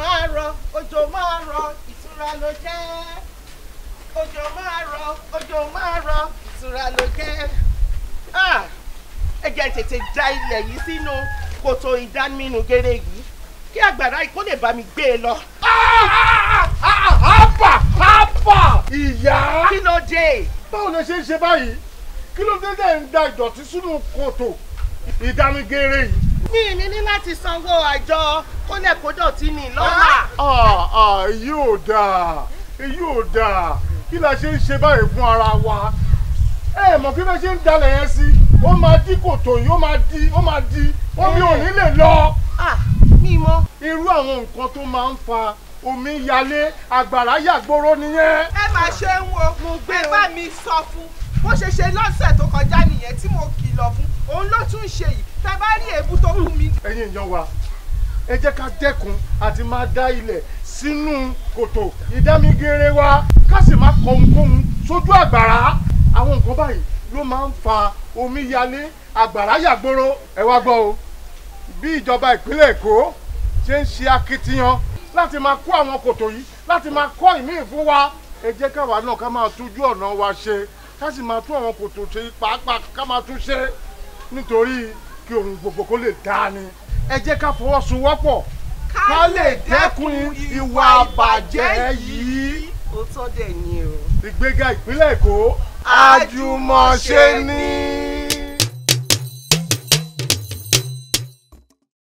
máa rọ òjò máa rọ ìtura ló jẹ́ òjò máa rọ òjò máa rọ ìtura ló jẹ́ ah! ẹ jẹ́ tètè da ilẹ̀ yìí sínú kòtò ìdánimínú gẹ́rẹ́ yìí kí àgbàrá ikó lè bá mi gbé e lọ. àpà àpà ìyá. kí ló dé. báwo lè ṣe ń ṣe báyìí kí ló dé dẹ́ ń da ìdọ̀tí sínú kòtò ìdánigẹ́rẹ́ yìí mi ní ní láti sanwó àjọ kólẹ̀kódọ̀tì mi lọ́la. Ah, ah, ah, èyí ò dáa èyí ò dáa kí la ṣe ń ṣe báyìí fún ara wa ẹ mọ̀ bí wọ́n ṣe ń dalẹ̀ yẹn sí ó máa dí kòtò yìí ó máa di ó máa di omi ò ní lè lọ. mi mọ. irú àwọn nǹkan tó máa ń fa omi yalé àgbàrá yàgbóró nìyẹn. ẹ máa ṣe ń wo mo gbé bá mi sọ fún bó ṣe ṣe lọ́sẹ̀ tó kọjá tún ṣe yìí tẹ bá rí èébú tó kú mi. ẹ̀yin èèyàn wa ẹ jẹ́ ká dẹ́kun àti máa dá ilẹ̀ sínú kòtò ìdámigere wa ká sì má kọ ohunkóhun sójú àgbàrá àwọn nǹkan báyìí ló máa ń fa omíyalé àgbàrá yàgbóró ẹ wá gbọ́ o bí ìjọba ìpínlẹ̀ èkó ṣe ń ṣe akitiyan láti máa kó àwọn kòtò yìí láti máa kọ́ ìmíì fún wa ẹ jẹ́ káwa náà ká máa tójú ọ̀nà wa ṣe ká sì máa tún àwọn kòtò ṣe pàápàá ká máa tún ṣe nítorí kí ohun gbogbo kó lè dáa ni ẹ jẹ́ ká fọwọ́sowọ́pọ̀ ká lè dẹ́kun ìwà àbàjẹ́ yìí. o. ìgbéga ìpínlẹ̀ èkó àjùmọ̀ṣe ni.